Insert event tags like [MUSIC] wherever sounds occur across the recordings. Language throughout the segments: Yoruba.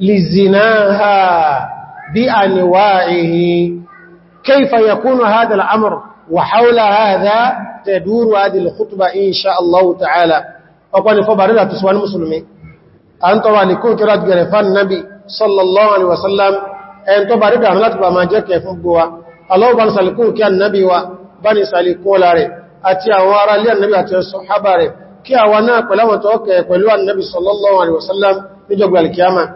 لزناها بأنواعه كيف يكون هذا الأمر وحول هذا تدور هذه الخطبة إن شاء الله تعالى أقول فبرنا تسوى المسلمين أن طبعا كرات جرفان النبي صلى الله عليه وسلم أن طبعا ربع ملاتك بما جاك يفقوا الله بان سالكون كان النبي وبان سالكون لاري أتي أورا لي النبي أتي الصحابة كي أواناك ولو توقع يقولوا النبي صلى الله عليه وسلم نجب الكيامة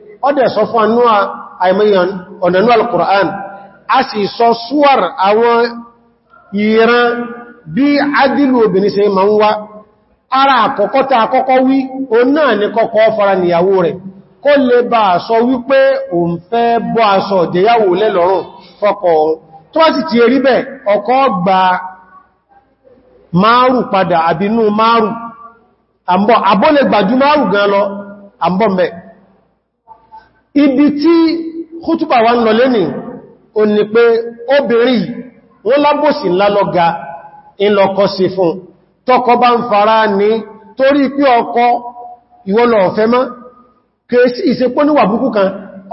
ọdẹ̀ sọ fún anúwà àìmọ̀yàn ọ̀nànú al a sì sọ súwàr àwọn ìran bí adìlú obìnrin ma ń wá ara àkọ́kọ́ ta àkọ́kọ́ wí o náà ní kọ́kọ́ fara níyàwó rẹ̀ kó lè bá sọ wípé o fẹ́ bọ́ aṣọ ìjẹyàwó lẹ́lọ́rùn fọ́kọ̀ tó wá gan ibi tí kútùbà wa ń lọ lẹ́nì o ní pé obìnrin wọ́n lábòsí lálọ́ga ìlọ́kọ́ sí fún tọ́kọ bá ń fara ní torí pé ọkọ ìwọ́lọ̀ ọ̀fẹ́ mọ́ kèsí ìsepó níwà búkú kan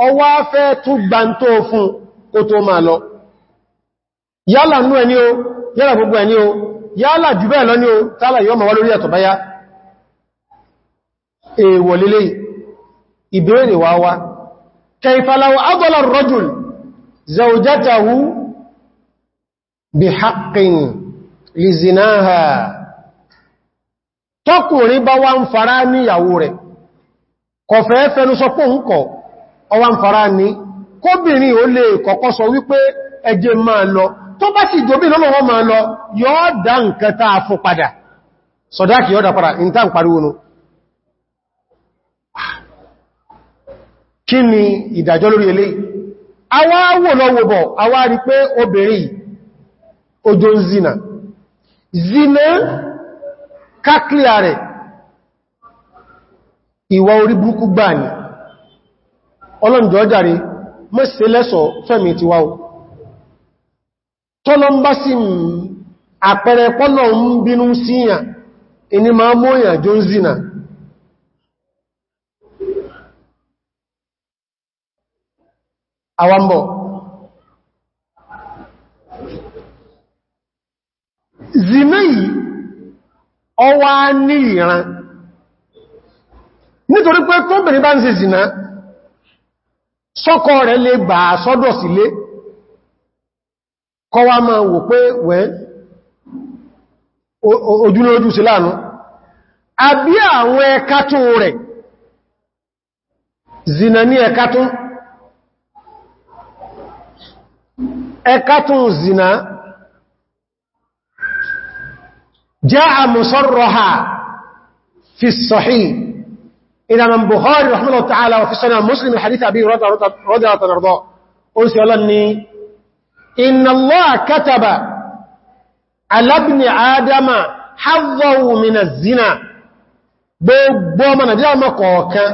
ọwá fẹ́ tún gbántó fún kó tó máa lọ yálà nú ẹni o yálà gbogbo ẹni o yálà jù bẹ́ẹ̀ lọ ní o tálà yọ́ ma wá lórí ẹ̀tọ̀ báyá èèwọ̀ lélẹ́yìí ìbéèrè wá wá كيف لو أضل الرجل زوجته بحق لزناها tọ́kùnrin bá wá ń fara ní ìyàwó rẹ̀ kọ̀fẹ́ fẹnu sọ pé ń kọ̀ ọwá ń fara ní kóbìnrin ó lè kọ́kọ́ sọ wípé ẹjẹ máa lọ tó bá sì jòbí lọ́mọ̀ wọ́n máa lọ yóò dá nǹkan tàà fún padà sọ̀dáàkì yóò dá padà ìntàn pariwo nù kí ni ìdájọ́ lórí eléyìí awá wò lọ́wọ́ bọ̀ awá rí pé obìnrin ń zina zina kákílà rẹ̀ ìwà orí burúkú gbà ní ọlọ́njọ́ jàre mọ́sí lẹ́sọ̀ fẹ́mi ti wáwọ́ tọ́lọ ń bá sí àpẹẹrẹ pọ́lọ̀ ń bínú síyàn ìní máa mọ́ zina awambo zimeyi ọwa ọwá ní ìran nítorí pé tóbìnrin bá ń ṣe zina sọ́kọ rẹ̀ lè bà sọ́dọ̀ sílé kọwa máa wò pé wẹ́ ojúlójú sí láàánú àbí àwọn ẹ̀kátún rẹ̀ zina ní ẹ̀kátún ẹka tún zina jaa musarraha fi as-sahih ila man bukhari rahimahullahu ta'ala wa fi sunan muslim hadith abi radiyallahu anhu ursi allani inna allaha kataba ala ibn adama haddahu min az-zina gbogbo ọmọ nàìjíríà mọ́kọ̀ọ̀kan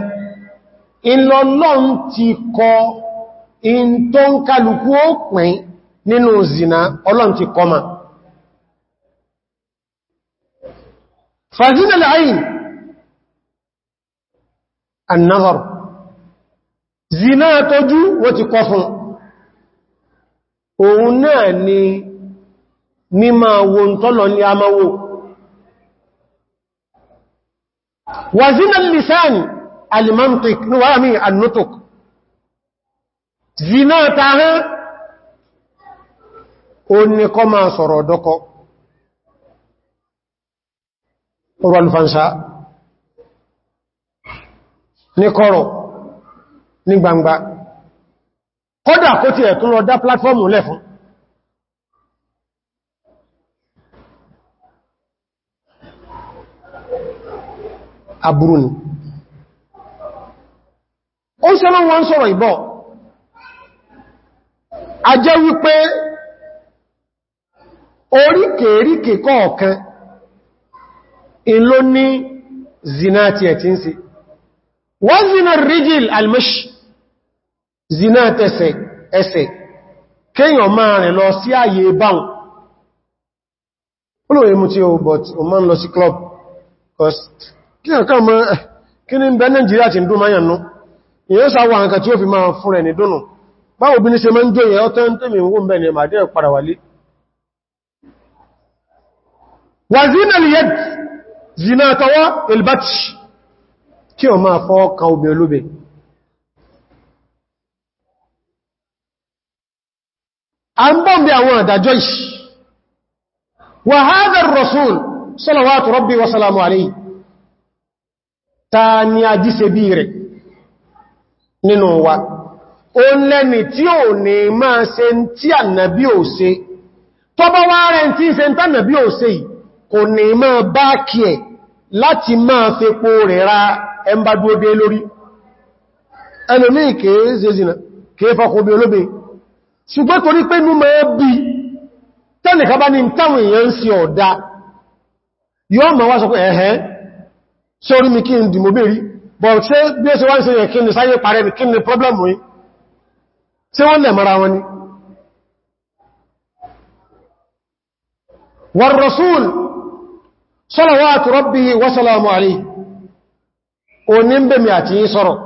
ìlọ́lọ́n ti kọ in tó ń kálukú ó pín nínú zina ọlọ́n ti kọma fàzínà láàáyìn annazar zina tójú wọ́n ti kọ fún òun náà ni mímọ̀ wo ń tọ́lọ ní amáwò wàzínà lìsáàni alimantik ní wàmí zina ta hán ó ní kọ́ máa sọ̀rọ̀ ọ̀dọ́kọ́ ọ̀rọ̀ alùfànṣá ní kọ́rọ̀ ní gbangba kódà kó ti ẹ̀tún lọ dá pláfọ́ọ̀mù lẹ̀ fún aburú ni ó ń sọ́lọ́wọ́n sọ̀rọ̀ ìbọ̀ a jẹ́ wípé oríkèríkè kọ̀ọ̀kan ìlò ní zina tí ẹ̀ ń ṣe wọ́n zina rígìl almash zina tẹ́sẹ̀ ẹsẹ̀ kéèyàn máa rìn lọ sí ààyè báun olóòrè mú tí ó but o máa ń lọ sí club ka ọ̀kan kí ní bẹ́ nigeria ti dún máyàn nú ìyẹ́sà wà tí ó fi máa fún rẹ̀ ní dúnnù báwo bí ní ṣe máa ń jóyẹ ọ́tọ́ ń tèmi wó mẹ́ ni màdé padà wálé wà zina lè yẹ́d zina tọwọ́ ilbati kí o máa fọ́ ka obè ta ni a jíse bí rẹ̀ nínú wa ó lẹ́ni tí ò ní máa ṣe tí ànàbí ò ṣe tọ́bọ́ wá rẹ̀ tí ṣe tí ànàbí ò ṣe kò ní máa bá kí ẹ̀ láti máa fi po rẹ̀ ra ẹmbàdúódé lórí ẹlòmí kèé zezina kèé fọkòbí olóbe ṣùgbọ́n torí pé nú máa bí tẹ́nìká ní táwọn ni sáyé parẹ́ ni pọ́blẹ̀mù yìí tí wọ́n lè mara wọn ni wọ́n rasul salawatu rabbihi wa salamu alayhi o ní ń bẹ̀ mi àti yí sọ́rọ̀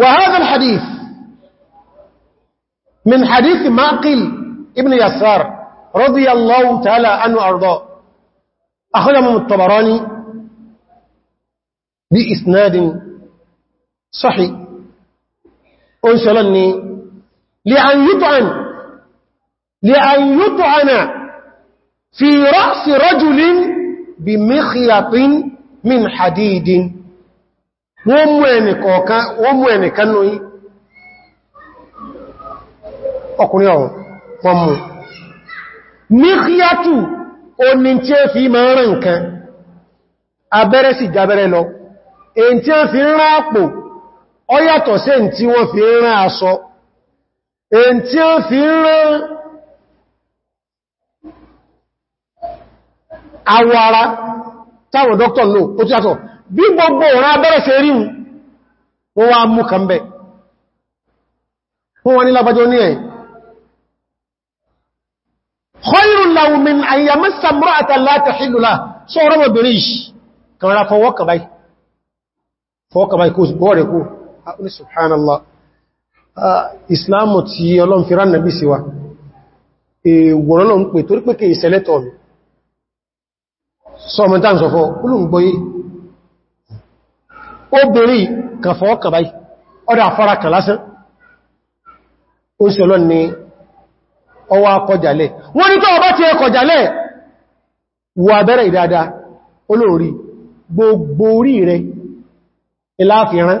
wa hadha hadith min hadith maqil ibn yasar radiyallahu ta'ala anhu arda akhrajahu at-tabarani bi isnadin sahih ó ń ṣọlọ́n ni lè an yútọ̀ ana fi rọ́sì rọ́jùlín bí mẹ́kìyàtín min hadidin wọ́n mú ẹnìkan nù yí ọkùnrin ọ̀hún wọ́n mú mẹ́kìyàtù oní tí ó fi máa rán nǹkan abẹ́rẹ́ sì jábẹ́rẹ́ lọ èyí tí ó fi rán àpò ọ yàtọ̀ sí ẹn tí wọ́n fi rán aṣọ ẹn tí wọ́n fi rán awọ ara táwọn dókítà lò ó tí yàtọ̀ bí gbogbo ọ̀rán abẹ́rẹ́ sí rí wọ́n wá mú kan bẹ̀ wọ́n wá ní lábájọ́ ní ẹ̀ khairun lahu min an yamassa imra'atan la tahillu lahu sọ́rọ̀ mọ̀bìnrin kan ra fọwọ́kàbáì fọwọ́kàbáì kó rẹ̀ kó Ah, ní subhanallah ah, islamu tí ọlọ́n fi rán nàbí síwá èwòrán lọ́n pè torí pé kí ìṣẹ́lẹ́tọ̀ mi sọmọ tán sọ fọ́ olùgbóyí obìnrin kan fọ́ kàbáyí ọdá afọ́ra kan lásán ó sì ọlọ́n ni ọwá kọjàlẹ̀ wọ́n ní tó ọba ti ẹkọjàlẹ̀ gbogbo orí rẹ̀ ìláàfihàn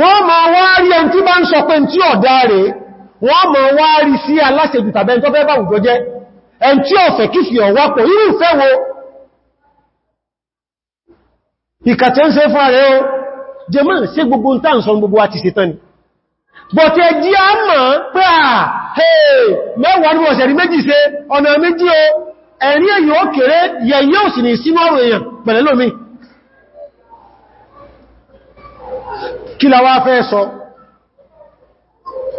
wọ́n ma wá rí ẹn tí bá ń sọ pé tí ọ̀dá rẹ̀ wọ́n ma wá rí sí aláṣẹ́jù tàbí ẹn tó fẹ́ bá wùjọ jẹ́ ẹn tí ọ̀fẹ́ kí fi ọ̀wá pọ̀ irú ìfẹ́ wo ìkàtẹ́ ń ṣe fún ààrẹ o jẹ mọ́ sí gbogbo ń tàn sọ gbogbo wa ti ṣe tán ni bọ̀tẹ̀ jí a mọ̀ pé à mẹ́wàá ní ọ̀sẹ̀ rí méjì ṣe ọ̀nà méjì o ẹ̀rí èyàn ó kéré yẹ̀yẹ́ kí la wá fẹ́ sọ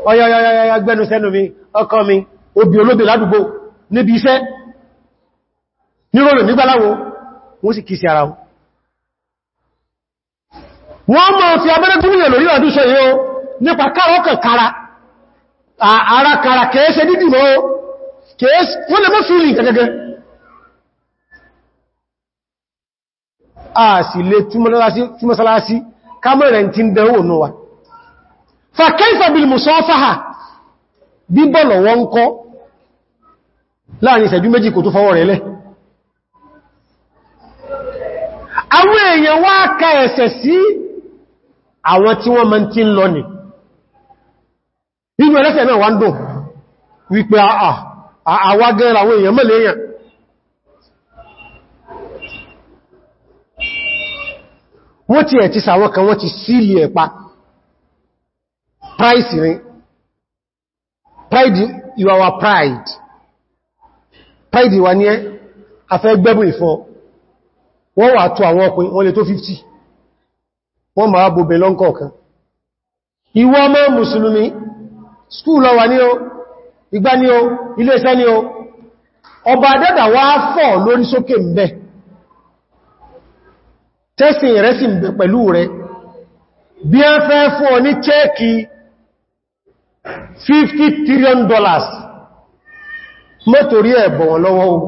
ọyọyọyọyọ gbẹ́nu sẹ́nu mi ọkọ mi obì olóbè ládùgbò níbi iṣẹ́ nírọ̀lù nígbàláwò wọ́n sì kìí sí ara wọn wọ́n mọ̀ fi abẹ́rẹ́ gúnmìnà lórí àdúsọ yóò nípa káwọ́kàn kára ara kára kẹ́ẹ́ṣẹ́ dídì mọ́ kẹ́ẹ́ṣẹ́ wọ́n si mọ́ fílì gẹ́gẹ́gẹ́ a sì lè túnmọ́sálásí kámẹ́rẹ̀ tí ń dẹ̀wò ní wa fàkẹ́sà bí mùsọ́fàá bí bọ́lọ̀ wọ́n kọ́ láàrin ìṣẹ́jú méjì kò tó fọwọ́ rẹ̀ lẹ́ àwọn èèyàn wá ká ẹ̀sẹ̀ sí àwọn tí wọ́n mọ́ tí ń lọ nì nínú ẹlẹ́sẹ̀ náà wá ń dùn wípé àwágẹ́ra àwọn èèyàn mẹ́lẹ̀ èèyàn wọ́n ti ẹ̀ ti sàwọn kan wọ́n ti sílì ẹ̀pa price ni pride you are our pride pride wa ní ẹ́ afẹ́ gbẹ́bùn ìfọ́ wọ́n wà tó àwọn ọkùnrin wọ́n lè tó 50 wọ́n máa bòbẹ̀ lọ́nkọ̀ọ̀kan ìwọ ọmọ mùsùlùmí skúù lọ wà ní o ìgbà ní o iléeṣẹ́ ní o ọba adẹ́dà wá fọ́ lórí sókè mbẹ̀ tẹ́sìn rẹ̀ sì bẹ̀ pẹ̀lú rẹ̀ bí a fẹ́ fún ọ ní chẹ́ẹ̀kì 50 trillion dollars mọ́tòrí ẹ̀bọ̀ lọ́wọ́ o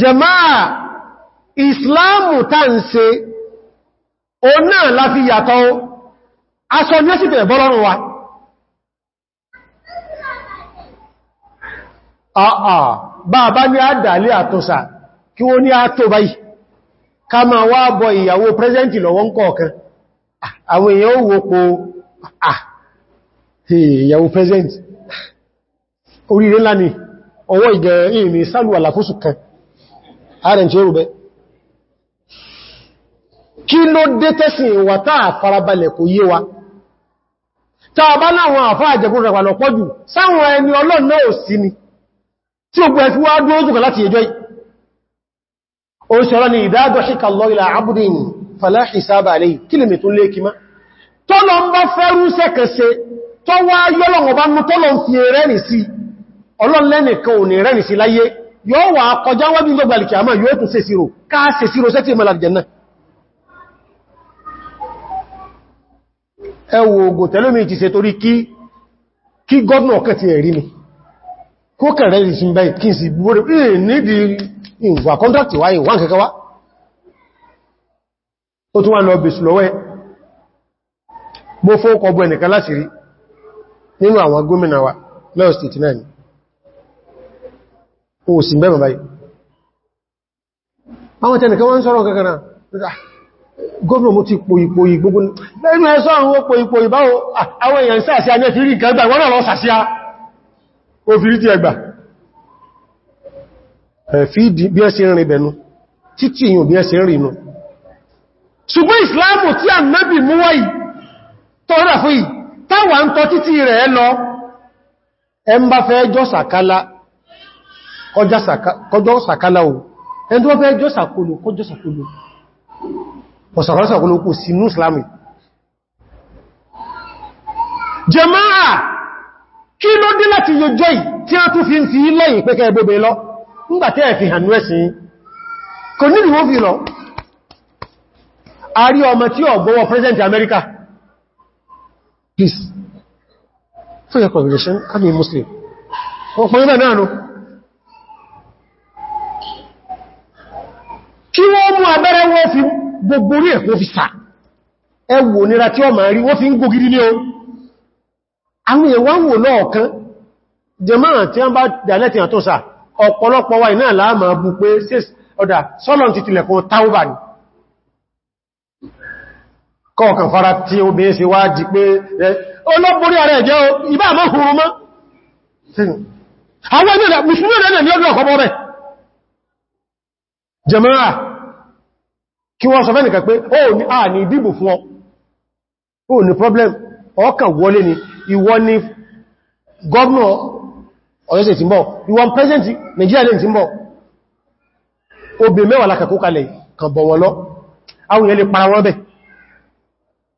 jẹmáà ìsìláàmù tá ń ṣe o náà láti yàtọ̀ aṣọ ní ó sì tẹ̀ bọ́lọ́rùn wa àà ah, bàbá ah. ní àdàlé àtọ́sà kí wọ́n ní àtò báyìí ká máa wá bọ ìyàwó pẹ́sẹ̀ntì lọ́wọ́ ń kọ̀ọ̀kan ah, àwọn èèyàn ó wò pó ìyàwó pẹ́sẹ̀ntì oríire ńlá ni ọwọ́ ìgẹ̀ sálù kan ààrẹn tí ó rúbẹ́ kí ló dé tẹ́sìn ìwà táà wa sáwọn ẹni ọlọ́nà ò sí tí ó gbẹ̀ẹ́sí wá dúró jùkọ láti ẹjọ́ òṣèrọ ni ìdádọ̀ ṣíkà lọ ilẹ̀ àbúdín fàláhì sábà lè kílìmì tó léèkì má tọ́lọ ń bá fẹ́rú sẹ́kẹsẹ tó wá yọ́lọ̀wọ̀ bá mú tọ́lọ ń fi rẹ́rìn sí ọlọ́lẹ́nìkan ò ní rẹ́rìn sí láyé yóò wà kọjá wájú tẹ́lómi ti ṣe torí kí gọ́dùn ọ̀kẹ́ ti ẹ̀rí mi kó kẹ̀rẹ̀ ìrìn sí bẹ́ẹ̀ kí n sì wa. nídi ìwà kọ́ntrakti wáyé wọ́n kẹ́kẹ́ wá ó tún wá lọ bèsù lọ́wọ́ ẹ bó fóókọ bú ẹnìkan láti rí nínú àwọn gómìnà wa lọ́yọ̀ state náà ni ó sì bẹ́ẹ̀ báyìí àwọn tẹnìkan wọ́n sọ̀rọ̀ kankan náà gómìnà mo ti pòyìpòyì gbogbo lẹ́nu ẹ̀sọ́ àwọn pòyìpòyì báwo ah, àwọn èèyàn sáàsíà ní ó fi rí tí ẹgbà ẹ̀fíìdì bí ẹ́ ṣe ń rìn bẹ̀nu títí èyàn bí ẹ́ ṣe ń rìn inú ṣùgbọ́n ìsìláàmù tí a nábì mú wáyì tọ́rà fún yìí táwà ń tọ́ títí rẹ̀ lọ ẹ ń bá fẹ́ jọ sàkálá kọjọ́ o ẹn tó fẹ́ jọ sàkólò kọjọ́ sàkólò kí ló dí láti yẹjọ́ tí a tún fi ń fi lẹ́yìn pẹ́kẹ́ ẹgbẹ́gbẹ́ lọ nígbàtí ẹ̀ fi hànú ẹ̀sìn kò ní ìwọ́n fi lọ a ọmọ tí ó president America peace fún your congregation a Muslim náà nù kí wọ́n mú abẹ́rẹ́ wọ́n fi àwọn èèwọ̀n wò lọ́ọ̀kan jẹmáà tí wọ́n bá dàlẹ́tì àtúnsà ọ̀pọ̀lọpọ̀ wa iná láàmà bú pé ọ̀dà sọ́lọ̀ ti tilẹ̀kùn táúbà ní kọ̀ọ̀kan fara tí ó bèé se wá jí pé olóborí ààrẹ jẹ́ ibá àmọ́ hùrù mọ́ àwọn ènìyàn mùsùlùmí rẹ̀ ní ọdún ọ̀kọ́bọ̀ problem ọkàn wọlé ni ìwọ ni gọ́ọ̀nà ọ̀yọ́sẹ̀ tí ń bọ̀ ìwọ pẹ́sẹ̀ntì Nigeria lè tí ń bọ̀ obè mẹ́wàá lákàkó kalẹ̀ kan bọ̀ wọ́n lọ àwọn èèyàn lè para wọ́n bẹ̀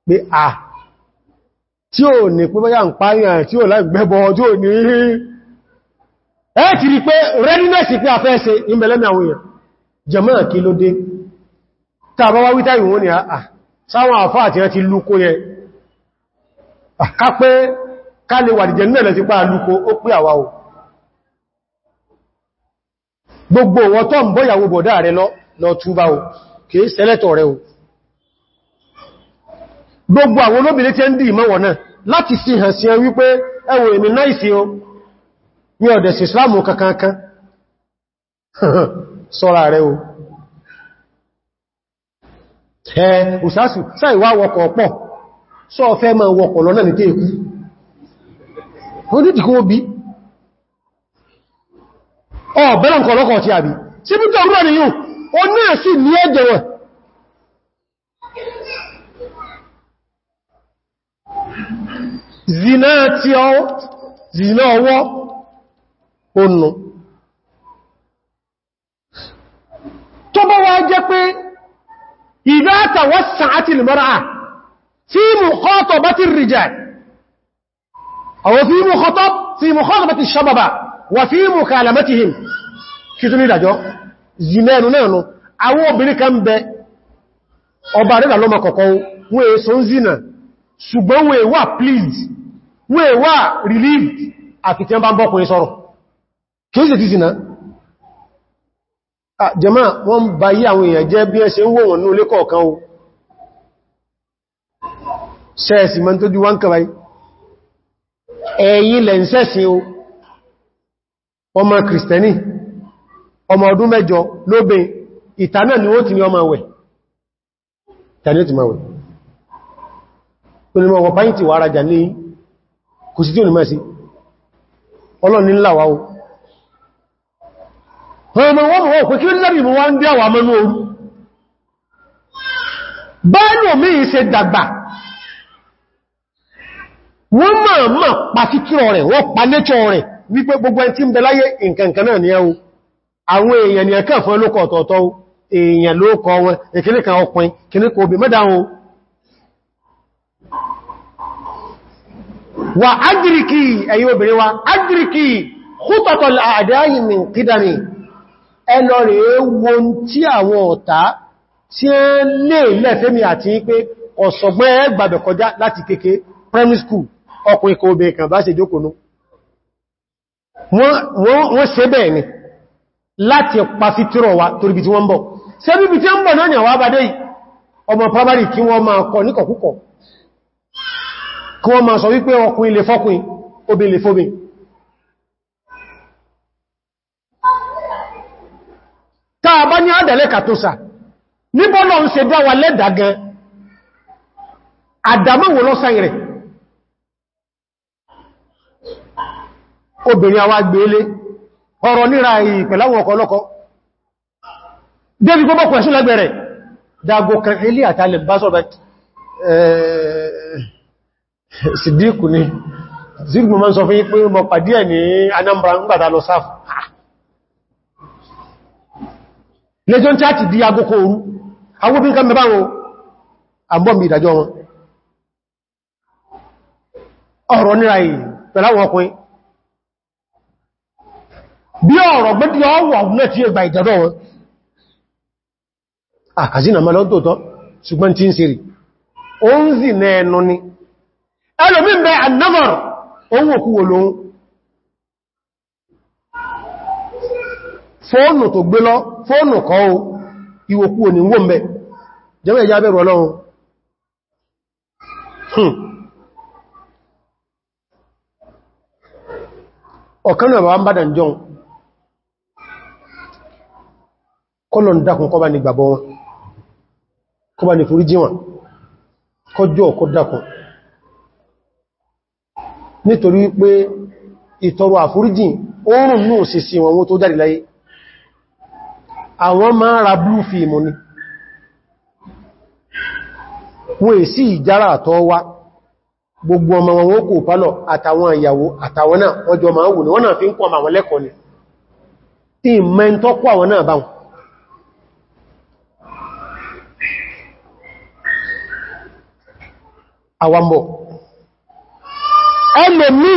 pé à tí ó ní pé bọ́yá ń pààyàn tí ó láì gbẹ́bọ̀ readiness pé àfẹ́ẹ́sẹ̀ ìmẹ̀lẹ́mì àwọn èèyàn jẹmọ́ kí ló dé tàbá wá wítà ìwọ̀n ni àà sáwọn àfáà ká pé ká lè wà dìjẹ̀ nílẹ̀ sí pá alúkó ó pé àwa o gbogbo wọn tó ń bọ́yàwó bọ̀dá rẹ lọ lọ túbá o kìí sẹ́lẹ̀tọ̀ rẹ o gbogbo àwọn olóbìnrin tí ń dì mọ́wọ̀ náà láti sí hàn sí ẹn wípé ẹwọ èmì náà ìsìn o ní ọ̀dẹ̀ sí islamu kankan [LAUGHS] sọ́ra rẹ o ẹ̀ òsásù sáìwá wọkọ̀ pọ̀ sọ ọ̀fẹ́ ma wọ̀pọ̀ lọ́nà ní tẹ́ẹ̀kú wọ́n ní dìkó bí ọ bẹ́rẹ̀ nǹkan lọ́kọ̀ tí a bí bí tó rúrẹ̀ nìyàn ó náà sí ní ẹjẹ̀ wọn zina tí ọ zina ọwọ́ ònà tó bọ́ wá jẹ́ pé ìdá àtàwọ́ sàátìlì mọ́ra في مخاطبة الرجال أو في مخاطب في مخاطبة الشباب وفي مكالمتهم كتني داجو زمان نانو àwọn obìnrin kan bẹ ọba rẹ̀ lọ́mọ kọ̀kọ́ wọ́n è sọ ń zina ṣùgbọ́n wọ́n è wà pleased wọ́n è wà relieved àti tí wọ́n bá ń bọ́kùnrin sọ̀rọ̀ kìí sì ti zina ah, jẹ́mà wọ́n bá yí àwọn èèyàn jẹ́ bí ẹ́ ṣe ń wọ́n wọn ní olé kọ̀ọ̀kan sẹ́ẹ̀sì mọ́ tó jú wọ́n kàwàí ẹ̀yìn lẹ̀ ń sẹ́ẹ̀sì o ọmọ kìrìsìtẹ́nì ọmọ ọdún mẹ́jọ lóbe ìtànà ni ó ti ní ọmọ wẹ̀ tàní ó ti máa wẹ̀ tó ní mọ́ wọ́páyìn ti wà arajà ní kò sí tí ò ní mẹ́sí ọlọ́ni o ọmọ wọ́n mọ̀ wọ́n pé kí ó ní lábì mọ́ wá ń bí dàgbà wọ́n máa máa pa títúrọ rẹ̀ wọ́n pa lẹ́tọ̀ rẹ̀ wípé gbogbo ẹn tí ń bẹ láyé nǹkankan náà ní ẹwu àwọn èèyàn ni ẹ̀kẹ́ fún olókọ̀ ọ̀tọ̀ọ̀tọ̀ èèyàn ló kọ wọn ìkìníkan ọkùnrin kìníkan obì mẹ́dà wọn wà ágìríkì ẹ̀yin obìnrin wa ágìríkì hútọ̀tọ̀ àdáyìn min kídàmì ẹlọ rẹ̀ wo tí àwọn ọ̀tá primary school ọkùnrin kan obìnrin kan bá ṣe jókòó wọ́n ṣe bẹ́ẹ̀ ni láti pa wa torí bí tí wọ́n bọ̀ ṣe bí abadé ọmọ primary kí wọ́n máa kọ ní kọ̀kúkọ̀ kí wọ́n máa sọ wípé ọkùnrin lè fọ́kùnrin obìnrin àwá gbélé ọ̀rọ̀ níra ìpẹ̀láwọn ọkọ̀ ọlọ́kọ́ david gbogbo kwẹ̀ṣún lẹ́gbẹ̀rẹ̀ dago kan ilé àtàlẹ̀ bá sọ́rọ̀ eh, Sìdíkù ni Sìdíkù mọ́ sọ fún pé mọ̀ pàdí ẹ̀ ní Anambra ńgbàtà lọ sáfù lẹ́jọ́ a ti di agókò orú àwọn obìnrin kan mẹ́bá wọn ọ̀rọ̀ níra yìí pẹ̀láwọn ọkùnrin bí ọ̀rọ̀ gbẹ́dì ọwọ̀ náà tí ó gba ìdádọ́ wọn àkàzínà lọ́n tóòtọ́ ṣùgbọ́n tí ń ṣe rí o ń zì na ẹnu ni ẹlòmí mẹ́ ohun òkú lóhun fóònù tó gbé lọ fóònù kọ́ kọlọ̀n dákun kọba ní gbàbọ́ wọn kọba ní foríjì wọn kọjọ́ ọkọ́ dákun nítorí pé ìtọrọ àforíjì oòrùn náà sì sí wọn tó jáde láyé àwọn máa ra blue film ni wọ́n èsì ìjára àtọ́ wá gbogbo ọmọ wọn ó kò pálọ̀ àtàwọn ìyàwó àtàwọn náà wọ́n jọ máa wù ní wọ́n náà fi ń kọ́ àwọn lẹ́kọ̀ọ́ ni ìmẹ́ntọ́kọ́ àwọn náà báwọn àwàmọ̀ ẹlẹ̀ míì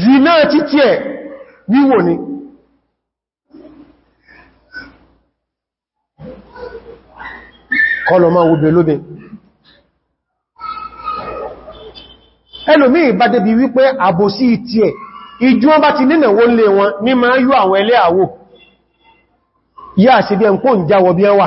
zina títí ẹ̀ wíwò ni kọlọ máa wùbẹ̀ lóbi ẹlòmíì bá débi wípé àbòsí ìtí ẹ̀ ìjú wọn bá ti nínà wọ́n lè wọn ní máa yú àwọn ẹlẹ́ àwò yá àṣìbí ẹ̀nkó ń jáwọ bí ẹwà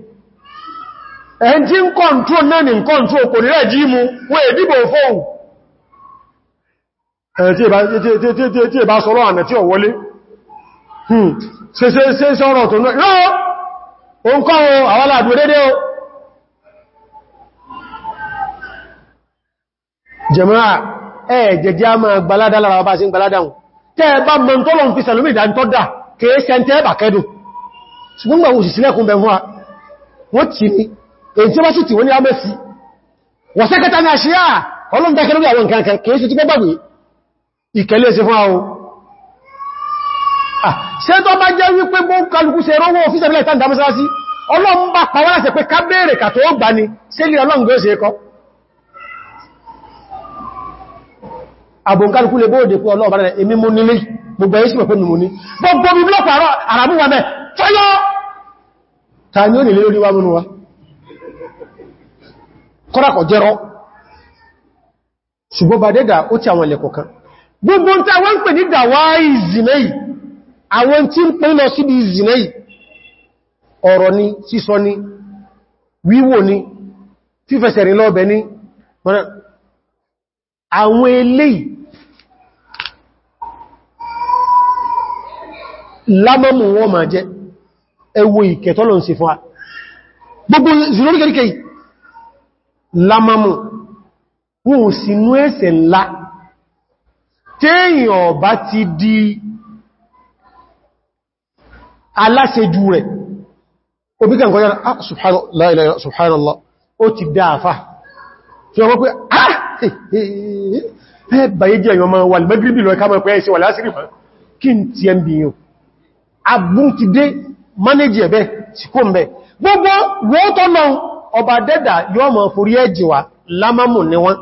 ẹn tí ń kọ̀ntú náà ní kọ̀ntú kò ní rẹ̀ jí mú wọ́n èdìbò fóòun tí è bá sọ́rọ̀ àmì tí ò wọlé hmm. ṣe sọ́rọ̀ tó náà yóò o ń kọ́ o àwọ́lá àdúró dédé o jẹ́mọ́ra ẹ̀ jẹjẹ́ a máa gbaládá lára bá sí gbaládàun tẹ́ bá mọ́ tó lọ fi sàlómì ìdántọ́dà kèé sẹ́ntẹ́ bà kẹ́dùn ṣùgbọ́n gbà òsìsílẹ̀kùn bẹ̀ fún wa wọ́n ti ní èyí tí wọ́n sì tí wọ́n ní àmẹ́sí wọ́n sẹ́kẹta ní àṣíyà ọlọ́ndẹ́kẹ́ lórí àwọn nǹkan kìí sí tí gbọ́gbàgbé ìkẹlẹ̀ sí fún àwọn ah, ṣe tó bá jẹ́ wípé kálukú ṣe rówó fíṣẹ̀bílẹ̀ tán dámọ́sáwásí ọlọ́run bá pàwọ́lá sí pé ká bèèrè kà tó gbà ní sí ilé ọlọ́run gẹ́ ṣe kọ́ àbòǹkálukú lè bóòdè pé ọlọ́run bá rẹ̀ èmi mú nílé gbogbo ta ni ó nílé lórí wá múnú wa kọ́rakọ̀ jẹ́rọ ṣùgbọ́n bá dẹ́dà ó àwọn ilẹ̀kọ̀ kan gbogbo tí àwọn ń pè ní dàwáì zinai àwọn tí ń pè lọ síbi zinai ọ̀rọ̀ ni sísọ ni wíwò ni fífẹsẹ̀rin lọ́ọ̀bẹ̀ ni àwọn eléyìí lámọ́mù wọn máa jẹ́ ẹwọ ìkẹtọ́lọ̀ ń fún gbogbo lámámù wọn ò sínú ẹ̀ṣẹ̀ ńlá téèyàn ọ̀bá ti di aláṣẹjú rẹ̀ obi kan kọjá ah subhanallah ó ti dáafá tí wọ́n pẹ́ ah ẹ̀bàyé jẹ́ ìyọmọ wà lẹ́gbẹ̀rẹ̀ lọ ẹ̀ká mọ̀ pẹ́ ẹ̀ṣẹ̀ wà lásìrì fún kí n ti ẹ̀ bí yàn abúntidé manéjì ẹ̀bẹ́ sí kó mẹ́ gbogbo wọ́n tọ́ náà ọba dẹ́dà yóò mọ̀ forí ẹ̀jìwà lámàmù ni wọ́n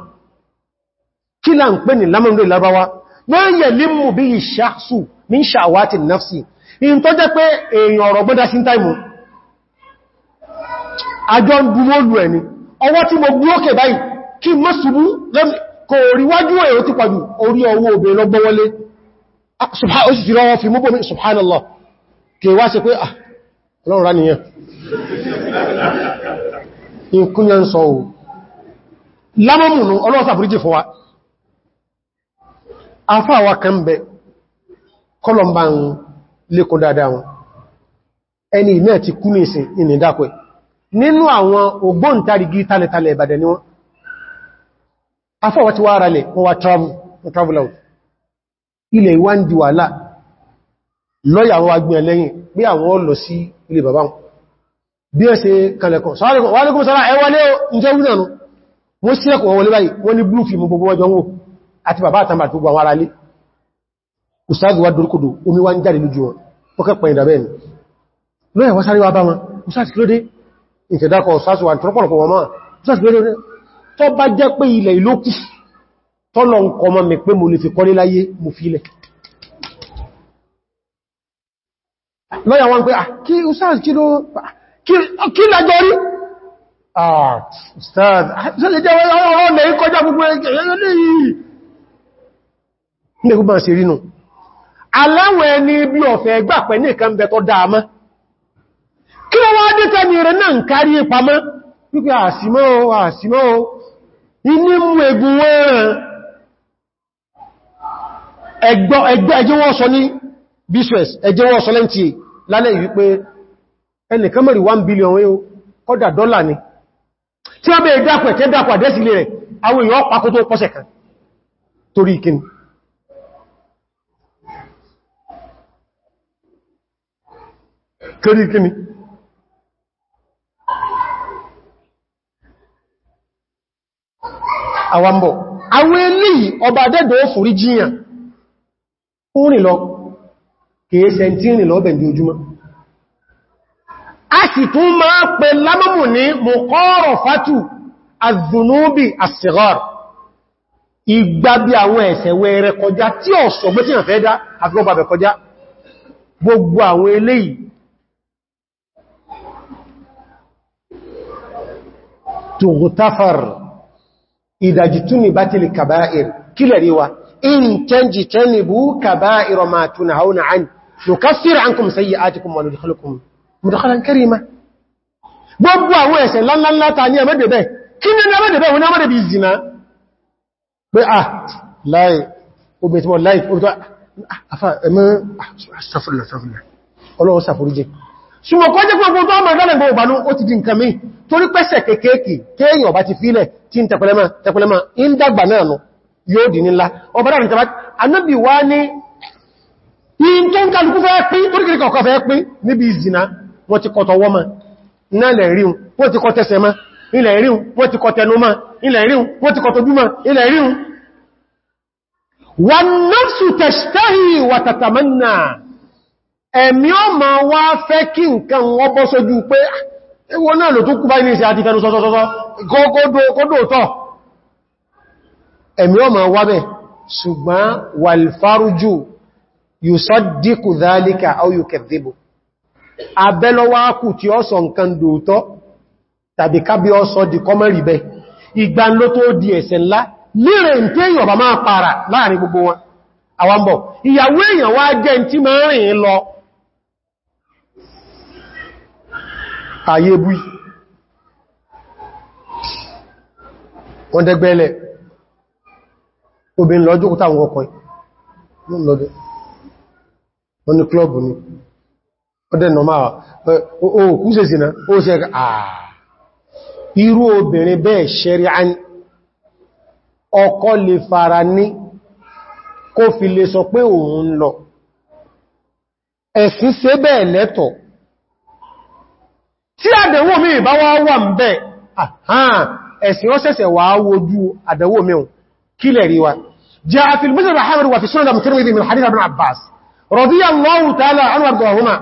kí là ń pè ní lámàmù lórí lábáwá wọ́n yẹ límù bí ìṣàṣù ní ṣàwátì náfsì in tó jẹ́ pé èèyàn ọ̀rọ̀ gbọ́dá sí táìmù àjọ mo gbókè báyìí kí mọ́ ṣubú kò rí wájú èrò ti pàjù ah, subhanallah kèwàá sí pé ah ọlọ́run rá nìyàn ìkúnyà ń sọ ohun lámọ́mùnú ọlọ́sà fúríjì fún wa afáwà kan bẹ kọlọmbà ń lékò dáadáa wọn ẹni ìmẹ́ ti kú ní ìsìn ìnìdápẹ́ nínú àwọn ògbóǹtarìgì tálẹ̀tálẹ̀ Ìbàdàn ni wọ́n afáwà ti wá ralẹ̀ wọ́n wá travel out ilẹ̀ ìwá ń di wàhálà lọ́yà wọn agbìyàn lẹ́yìn bí ẹ ṣe kalẹ̀kọ̀. Wàlékún sára ẹwà lé ìjẹ́ wúnà nù, wọ́n sí ẹkùn wọlé báyìí, wọ́n ní blue film gbogbo ọjọ́ wò àti bàbá àtàmà àti gbogbo àwọn ará lé. Ustazu wa dorkodo, omi wá ń jáde lójú wọn, ó kẹ́pẹ̀ ìdàbẹ́ ni. Lọ́yẹ̀ wọ́n sáré wá bá wọn, Ustazu lóde, ìtẹ̀dákọ̀ Ustazu wa tọ́pọ̀lọpọ̀ wọn máa, Ustazu lóde, tọ́ bá jẹ́ pé ilẹ̀ ìlókù, tọ́lọ ń kọ mọ́ mi pé mo lè fi kọ́lé láyé, mo fi ilẹ̀. Lọ́yẹ̀ wọn pé, ah, kí Ustazu kí ló, ah, kí lájọ́ rí ah, Ustaz ṣẹlẹ̀ jẹ́ ọ̀nà ìkọjá gbogbo ẹgbẹ̀rẹ̀ aláwọ̀ ẹni bí ọ̀fẹ́ ẹgbà pẹ̀ ní ìkan bẹ̀ tọ́ dáama kí lọ wá dẹ́ta ní rẹ̀ náà ń kárí ìpamọ́ pípẹ́ àsìmọ́ àsìmọ́ inú mú egun wọ́n ẹgbẹ́ ẹjẹ́wọ́ sọ ní bíṣẹ́s ẹjẹ́wọ́ sọ lẹ́ntì lálẹ́ ìwípé ẹnìkan mẹ́rin 1 billion wé o kọ́dà dọ́là ni tí a bẹ̀rẹ̀ dápẹ̀ tẹ́ àdẹ́sílẹ̀ rẹ̀ àwọn èèyàn pàkó tó pọ́sẹ̀ kan torí ìkíni torí àwọn eléyìí ọba dẹ́dọ̀ ó jíyàn ó lọ kèése tí rìn lọ ojúmọ́ a sì tún máa pè lámọ́mù ní mọ̀kọ́rọ̀ fátù àzùnúbì àsìgọ́r ìgbàbí àwọn ẹ̀ṣẹ̀ wẹ́rẹ́ kọjá tí ọ̀sọ̀ gbé tí ìrànfẹ́ dá àfilọ́bàbẹ̀ kọjá gbogbo àwọn eléyìí tògùtáfàr ìdàjìtúnì bá tilì kàbáìr kílẹ̀ ríwa mudakhalan karima gbogbo àwọn ẹ̀ṣẹ̀ lánlánláta ní ẹmẹ́dẹ̀bẹ̀ kí ní ẹmẹ́dẹ̀bẹ̀ wọn ẹmẹ́dẹ̀bẹ̀ ìzìnà pé à ah, láì obìnrin tí wọ́n láì orí tó àfà ẹmẹ́ àṣàfúnlẹ̀ ọlọ́run ṣàforíjì ṣùgbọ́n kọ́ jẹ́ gbogbo tó ọmọ ìdánilẹ̀ gbogbo ìbànú ó ti di nǹkan mi torí pẹ́sẹ̀ kéèkéèkì kéèyàn ọba ti fílẹ̀ tí ń tẹ̀pẹ̀lẹ́mà tẹ̀pẹ̀lẹ́mà ń dàgbà náà nù yóò dì nílá fẹ́ pín torí kìrìkọ̀ọ̀kọ́ fẹ́ pín níbi ìzìnà wọ́n ti kọtọ̀ wọ́mà nílẹ̀ ríun wọ́n ti kọ tẹsẹ̀ ma ilẹ̀ ríun wọ́n ti kọ tẹnu ma ilẹ̀ ríun wọ́n ti kọ tójú ilẹ̀ ríun wọ́n nọ́fsù tẹ̀ṣtẹ́hì wà tàtàmánà dhalika au yukadhibu abẹ́lọ́wákù tí ó sọ nǹkan dòótọ́ tàbí kábí ó sọ di kọmọ̀rì bẹ́ ìgbà ló tó di ẹ̀ṣẹ̀ ńlá nke ń tí èyàn láàrin gbogbo wọn àwambọ̀ ìyàwó èyàn wá jẹ́ tí rìn lọ ayébú wọ́n ni ọdẹ́ nọmáà òkú ṣe sínà ó ṣe àà irú obìnrin bẹ́ẹ̀ ṣẹ́rí án ọkọ lè fara ní kó fi lè sọ pé òun ń lọ ẹ̀sìn ṣe bẹ́ẹ̀ lẹ́tọ̀ tí àdẹ̀wò mi bá wá wà ń bẹ́ ẹ̀sìn ọ́sẹ̀sẹ̀ wà wojú àdẹ̀wò mi kí lẹ̀ wa جاء في المسلم وفي سنة مترمذي من حديث ابن عباس رضي الله تعالى عنه وارضاهما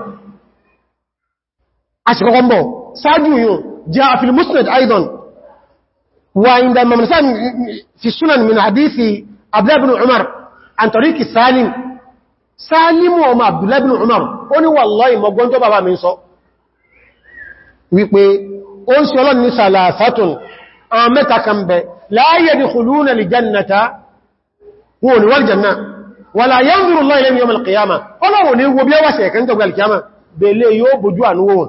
aṣìkọ́kọ́ bọ̀ sáájú yóò jẹ́ àfil musnad aidan wa inda mamnisan fi sunan min hadithi abdullahi ibn umar an tariki salim salimu ọmọ abdullahi ibn umar ó ní wallahi mọ́gbọ́n tó bàbá mi sọ wípé ó ń ṣe ọlọ́n ní salasatun a mẹ́ta kan bẹ la yadkhuluna li jannata wọn ni wal janna wala yanzuru Allah ilayhim yawm al yóò bójú ànúwò wọn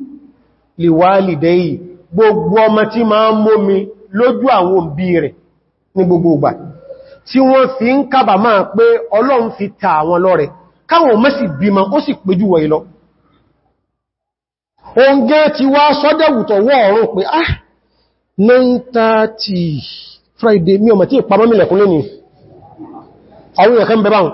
liwalidayhi gbogbo ọmọ tí ma ń mómi lójú àwọn òbí rẹ̀ ní gbogbo ìgbà tí wọ́n fi ń kábà máa pé ọlọ́run fi ta àwọn lọ́rẹ̀ káwọn mẹ́sì bímọ ó sì péjú wọ ìlọ oúnjẹ ti wá sọ́dẹ̀wùtọ̀ wọ́ ọ̀rún pé ah 9:30 Friday mi ọmọ tí ìpamọ́mìlẹ̀kún lónìí àwọn èèyàn kan bẹ̀báhùn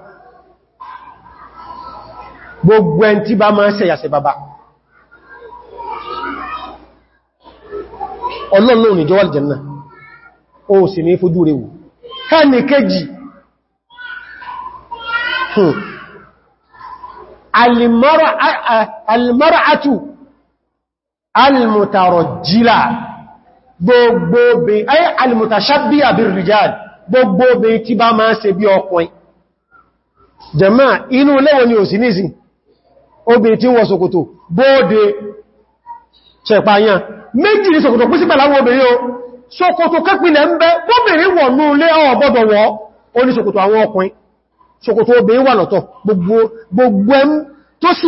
gbogbo ẹn tí bá máa ń sẹ̀yà sí bàbá ọlọ́run ní jọwọ́ aljanna o sì ní fojú rẹ̀ wù ẹni kejì hmm. almar'atu almutarajjila gbogbo obè ayé almutashabbiha birrijal gbogbo obè tí bá máa ń ṣe bí ọkùnrin jàmáà inú lẹ́wọ̀n ni ò sí nísìn obìnrin tí wọ ṣòkòtò bóòdè ṣẹ̀pàyàn méjì ní ṣòkòtò pín sí pẹ̀láwọn obìnrin o ṣòkòtò kẹ́pìnlẹ̀ ń bẹ n'ule wọ̀ ní ilé ọwọ̀ bọ́dọ̀ wọ́ ó ní ṣòkòtò àwọn ọkùnrin obìnrin wà gbogbo ẹm tó sì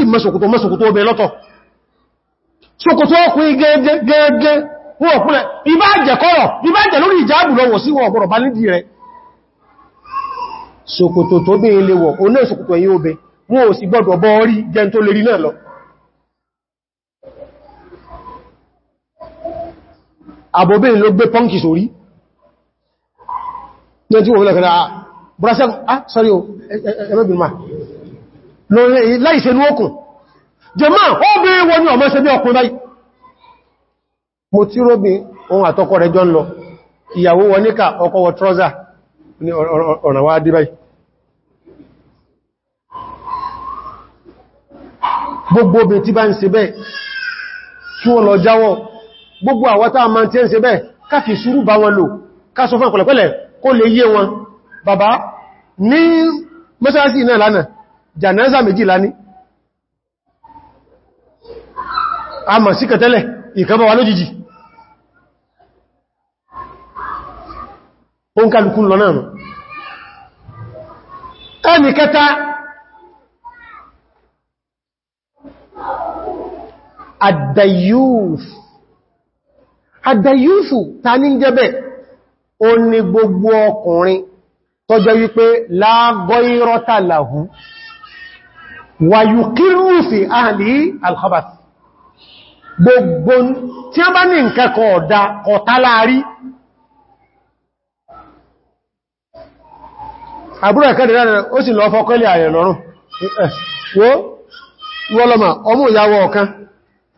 sokoto wọn ò sì gbọdọ̀ bọ́ orí jẹun tó lè rí náà lọ àbòbìn ló gbé pọ́ǹkì sórí ní wọ́n lẹ́kẹ̀ẹ́ brasem ah, ah sorry o ẹgbẹ́bìn ma lórí láìsẹ̀ ní okùn jẹmá obìnrin wọn ni ọmọ ṣe bí ọkùnrin báyìí mo tí róbin ohun àtọkọ rẹ̀ jọ ń lọ ìyàwó wọn níkà ọkọ wọ trọ́zà ọ̀nà wá dé báyìí gbogbo obè tí bá ń ṣe bẹ́ẹ̀ kí wọ́n lọ jáwọ́ gbogbo àwọ́ta ma ti ń ṣe bẹ́ẹ̀ káfí sùúrù bá wọn lò káṣọ fún ọ̀pẹ̀lẹ̀pẹ̀lẹ̀ kó lè yé wọn bàbá ní mọ́sálásí iná lánà jànáza méjì lání a mọ̀ sí kẹtẹ́lẹ̀ ìkẹbọ̀ wa lójijì ó ń kálukú lọ náà ẹni kẹta àdàyúfù àdàyúfù ta ní jẹ́bẹ̀ o ní gbogbo ọkùnrin tó jẹ́ wípé láàgọ́ ìrọ́ta làhú wàyùkírù fi ahli al-khabath gbogbo tí a bá ní nǹkan kan ọ̀dá ọ̀tá láàrí àbúrò ẹ̀kẹ́dẹ̀ rẹ̀ ó sì lọ fọ́kọ́lẹ̀ ààrẹ lọ́rùn wọ́n lọ́mà ọmọ ìyàwó ọ̀kan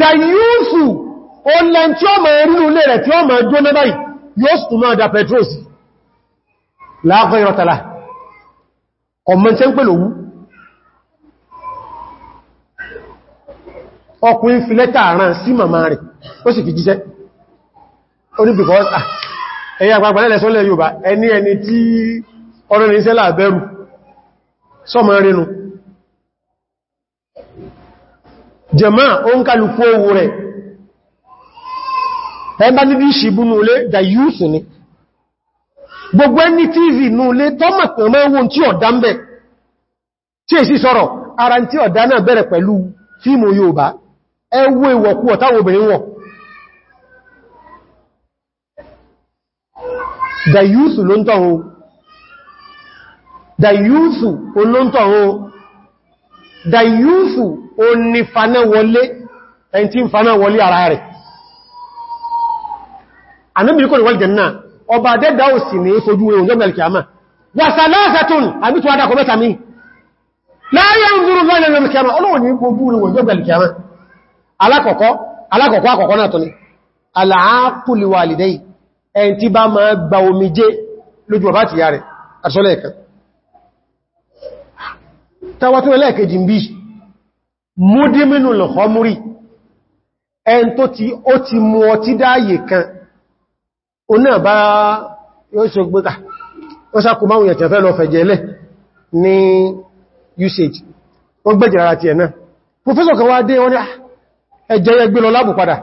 dayúsù ọlá tí ó mọ̀ erínú ilé rẹ̀ tí ó mọ̀ jóná báyìí yóò sì tún máa da petros láàkọ́ ìrọ̀tàlá ọmọ tí ó ń pè lòwú ọkùnrin fi lẹ́tà àrán sí màmá rẹ̀ ó sì fi jíṣẹ́ ó ní because ah, ẹ̀yà àgbàgbà lẹ́lẹ̀ sọ́lẹ̀ Yorùbá ẹni ẹni tí ọ̀rọ̀ ní sẹ́lá àbẹ́rù sọ́mọ̀ rínú Jamaa o ń kálukú rẹ rẹ̀ níbi ìṣìbú ní olé da yúùsù ni gbogbo ẹni tv ní olé tọ́mọ̀ pẹ̀mọ́ ohun tí ọ̀dá ń bẹ̀ tí è sí ara tí ọ̀dá náà bẹ̀rẹ̀ pẹ̀lú fíìmù Yorùbá ẹwọ ìwọ̀kú ó ní faná wọlé ẹni tí ń faná wọlé ara rẹ̀ anábìrí kò ní wọ́n jẹ̀nà ọba dẹ́dà ò sì ní fojú rẹ̀ òjò mẹ́lì wàsà lọ́sẹ̀tún àbí tó adákọ̀ mẹ́ta mi láyé ń dúró lọ́nà mẹ́lì kìáma olóòwò ní fojú rẹ̀ òjò mẹ́lì kìáma alákọ̀ọ́kọ́ alákọ̀ọ́kọ́ àkọ́kọ́ náà tó ní aláàkùlì wàlìdẹ́ ẹni múdímínú lọ̀họ́múrí ẹn tó ti ó ti mú ọtí dáyè kan o náà bá yóò ṣe gbé ó sákò máwùn yẹ̀kẹ̀ fẹ́ lọ fẹ̀jẹ̀lẹ̀ ní usage wọ́n gbẹ́jẹ̀ rárá ti ẹ̀ náà professor kan wá dé wọ́n ní ah, ẹjẹ́ ẹgbẹ́ lọ lábù padà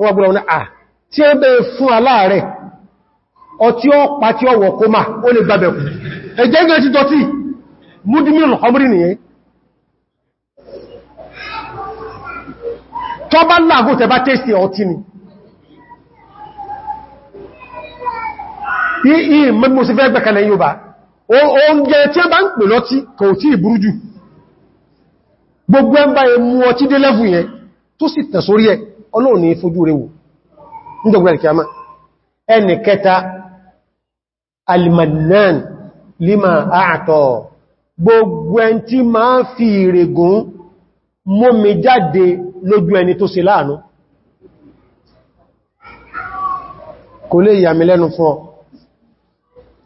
wọ́n gbọ́rọ̀ ní à ah, tí ẹ bẹ́ fún aláàrẹ̀ ọtí ọ pa tí ọwọ̀ kó tó bá láàgùn tẹ bá tẹ́sì ọtí ni ìyí mẹ́mú sí fẹ́ gbẹ̀kẹ̀lẹ̀ yóò bá oúnjẹ tí a bá ń pè lọ́tí kò tí ìbúrú jù gbogbo ẹmbá ẹmú ọtí dé lẹ́fù yẹn tó sì tẹ̀ sórí ẹ ọlọ́run fojú rẹ̀ wò almanan lima àtọ̀ gbogbo ẹn tí máa lójú ẹni tó ṣe láàánú kò lè yàmì lẹ́nu fún ọ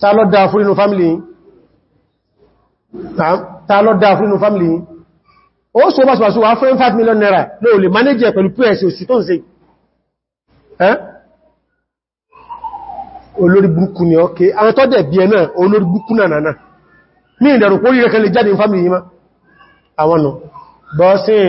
ta ló dáa fún inú fámìlì yìí ta ló dáa fún inú fámìlì yìí ó so bá ṣùgbàṣù wá 5 million naira lóò lè manage ẹ̀ pẹ̀lú pẹ́ẹ̀sì òsì tó ń ṣe olórí burúkú ni ọkẹ́ àwọn tọ́jẹ̀ bí ẹ náà olórí burúkú náà náà ní ìdẹ̀rùn kó rí rẹ̀kẹ́ lè jáde ní fámìlì yìí má àwọn nù bọ́ọ̀sìn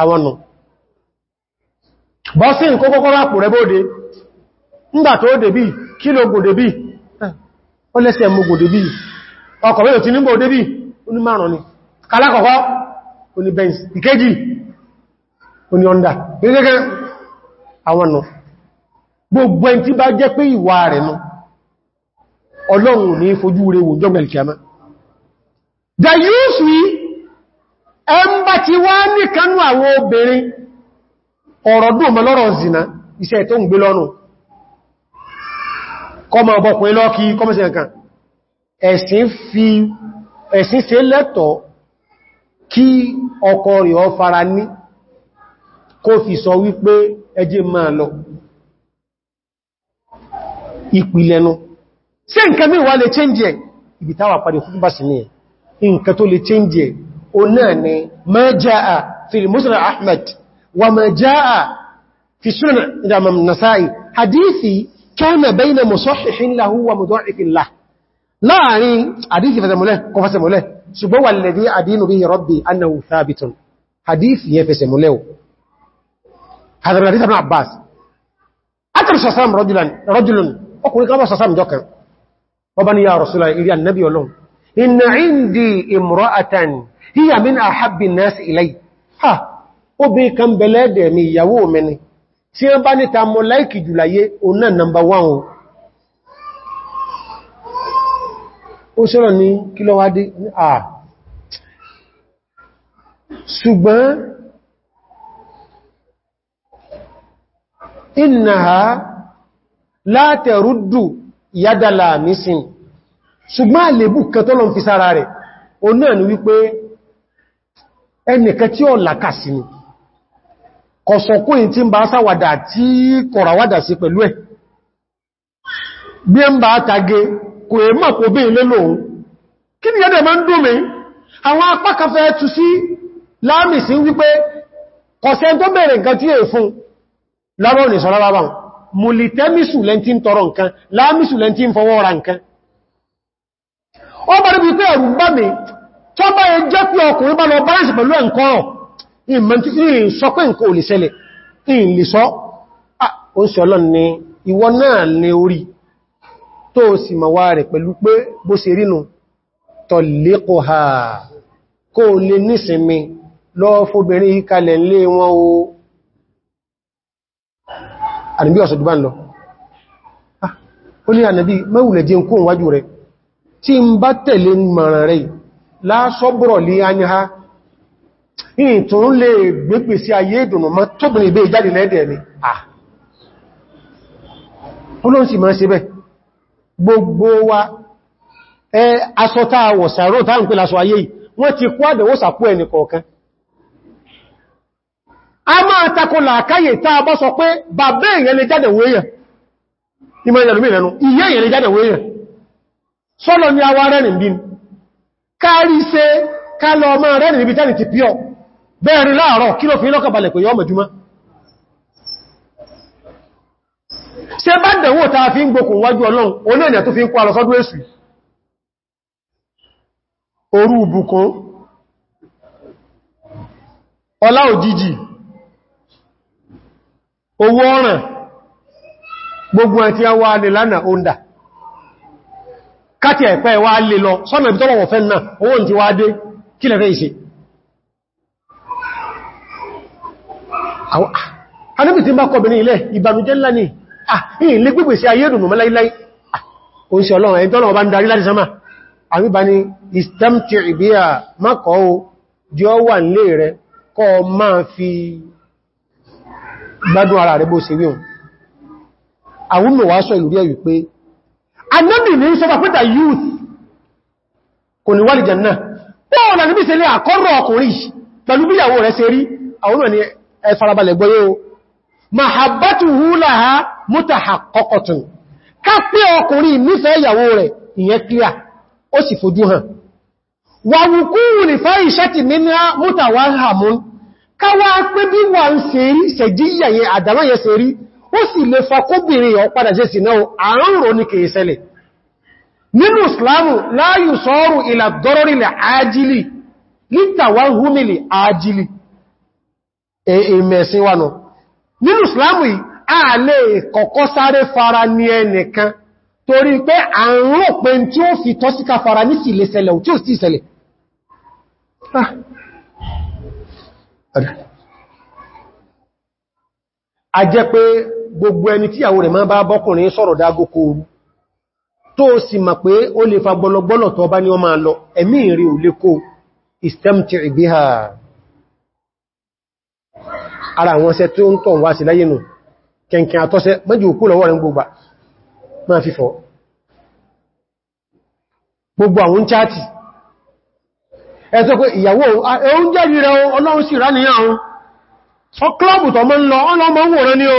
àwọn nù bọ́sí nǹkan kọ́kọ́rọ́ àpò rẹ̀ bóde ńgbà tó débí kí ló gòdè bí ó lẹ́sẹ̀ mú gòdè bí ọkọ̀ mẹ́lò tí bí ó ní márùn-ún ni kalákọ̀ọ́kọ́ ó ní benz ìkéjì ó ní ọ́ndà gẹ́gẹ́gẹ́ àwọn nù ẹmbà ti wá nìkanú àwọn obìnrin ọ̀rọ̀ dùn zina iṣẹ́ tó ń gbé lọ́nù kọmọ ọbọ̀kùnrin lọ́kí kọmọsí ẹ̀kan ẹ̀sìn se lẹ́tọ̀ kí ọkọ rẹ̀ ọ fara ní kó sọ wípé ẹjẹ́ lọ ìpìlẹ̀nu nǹkan mí wà lè ibi táwà padì fún bá sí onáàni ma jáà fi muslim ahmed wa ma jáà fi sunan ìdàmàm nasa'i hadithi kana bayna musahhihin lahu wa mudha'ifin lahu láàrin hadithi fẹsẹ̀mọ́lẹ̀ kò fẹsẹ̀mọ́lẹ̀ ṣùgbọ́n walladhi adinu bihi rabbi annahu thabitun hadithi yẹ fẹsẹ̀mọ́lẹ̀ o hadar hadith ibn abbas atar sasam rajulan rajulun ọkùnrin kan bá sasam jọkan ọba ni ya rasulullah iri annabi olon inna indi imra'atan hiya min ahabbi nasi ilay ha obi kan belede mi ìyàwó mi ni tí an bá ni ta mo like julaye ona number 1 o o sọ̀rọ̀ ni kí ló wá dé ah ṣùgbọ́n innaha la taruddu yadala misin ṣùgbọ́n àlébù kan tó fi sára rẹ̀ o náà ni wípé ẹnìkan tí ó làkàsí ni kọ̀sọ̀kú yìí tí ń bá sáwàdà tí kọ̀ràwàdà sí pẹ̀lú ẹ̀ bí ń bá tàgé kò è mọ̀ kò bí ilé kí ni yẹ́dẹ̀ máa ń dùn àwọn apákafẹ́ tú sí láàmì sí wípé kọ̀sẹ̀ tó bẹ̀rẹ̀ nǹkan tí è fún ní sọ́rọ̀ bàbá lẹ́ntí ń tọrọ nǹkan láàmìsù lẹ́ntí ń fọwọ́ ra nǹkan ó tó bá ẹ jẹ́ pé ọkùnrin bá lọ báláṣì pẹ̀lú ẹ̀ǹkan ìsọ pé nǹkan ò lè ṣẹlẹ̀ ìlè sọ ó sì ọlọ́n ni ìwọ náà lè orí tó sì ma wá rẹ̀ pẹ̀lú pé bó ṣe rínú tọ̀lẹ́kọ̀ ha kó lè nísinmi tí ń bá tẹ̀lé mọ̀ràn rẹ̀ yìí láṣọ́bùrọ̀ lè anyá ìyìn tó ń lè gbépè sí ayé ìdùnnà mọ́ tó bìnrin ìbé ìjáde ni à olóhùn sì máa ṣe bẹ́ gbogbo wa ẹ asọta wọ̀sàrò táà ń pè lásọ ayé yìí wọ́n ti kó àdẹ̀wò sàpó ẹni a máa takò làkáyè táà bọ́ sọ pé bàbẹ́ ìyẹn ya jáde wéyàn ìmọ̀ ni kárí ṣe kálọ ọmọ rẹ̀ níbi tẹ́lì ti píọ̀ bẹ́ẹ̀rin láàárọ̀ kí ló fi lọ́kàbalẹ̀ pé yọ́ mọ̀júmọ́ ṣe bá dẹ̀wò ta fi ń gbokùn wájú ọlọ́run olóòrìn tó fi ń kó alọ́sọ́dún èṣù orú bùkún ọlá káti ẹ̀pẹ́ wá lè lọ sọ́nà ibi tọ́wọ́ fẹ́ náà owó ti wá dé kí lẹ fẹ́ ìṣe anábì ah, tí bá kọbìnrin ilẹ̀ ìbànújẹ́ ńlá ni ààyìn ah, lè gbígbè sí ayé dùn mọ́láíláí oúnṣẹ́ ah, ọlọ́run ẹni tọ́lọ́run bá ń darí láti sánmà àríbá ni istamti ìbíyà mọ́kọ̀ annabi ni sọ pàpítà youth kò ní wàlì jannah pọ́ọ̀lá níbi ṣe lé àkọ́rọ̀ ọkùnrin pẹ̀lú bíyàwó rẹ̀ ṣe rí àwọn ni ẹ farabalẹ̀ gbọ́yé o mahabbatuhu laha mutahaqqaqatun ká pé ọkùnrin nífẹ̀ẹ́ ìyàwó rẹ̀ ìyẹn clear ó sì fojú hàn wà ní fẹ́ iṣẹ́ ti ká wá pé bí wà ń ṣe rí ṣe rí ó sì lè fọkóbìnrin ọ̀ padà jẹ́ sínà àrùn rò ní kìí ṣẹlẹ̀ nínú islamu láyù sọ́rù ìlà gọ́rọ̀rìlẹ̀ ajílì lítàwà húmìlì ajílì èèmẹ̀sìn e, e, wà náà nínú islamu yìí a lè kọ́kọ́ sáré fara ní ẹnìkan torí pé àrùn òpin tí ah. a jẹ́ pé gbogbo ẹni tí àwọn rẹ̀ máa bá bọ́kùnrin sọ̀rọ̀ dágókò orú tó sì ma pé ó lè fa gbọlọgbọlọ tó bá ní ọ máa lọ ẹ̀mí ìrì ò lè kó istamti ha ara àwọn ṣẹ́ tó ń tọ̀ wá sí láyé nù kẹ̀kẹ̀ ọ̀klọ́bù ń lọ wòrán ní o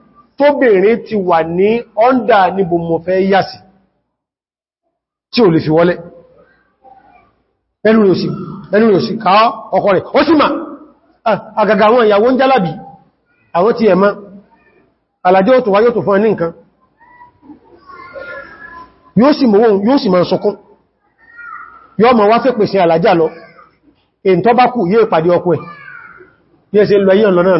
tóbìnrin ti wà ní ọ́ndà níbo mo fẹ́ yàsì tí ò lè fi wọlé ẹnu rẹ̀ òsì ká ọkọ rẹ̀ ó sì mà àgàgà àwọn ìyàwó ń jálàbì àwọn ti ẹ̀mọ́ alàjẹ́ tó wá yóò tó fún ẹni nǹkan yóò sì máa sọkún yóò mọ̀ wá fẹ́ pèsè alàjá lọ èyí tó bá kù yóò pàdé ọkọ ẹ̀ bí ẹ lọ yíò lọ náà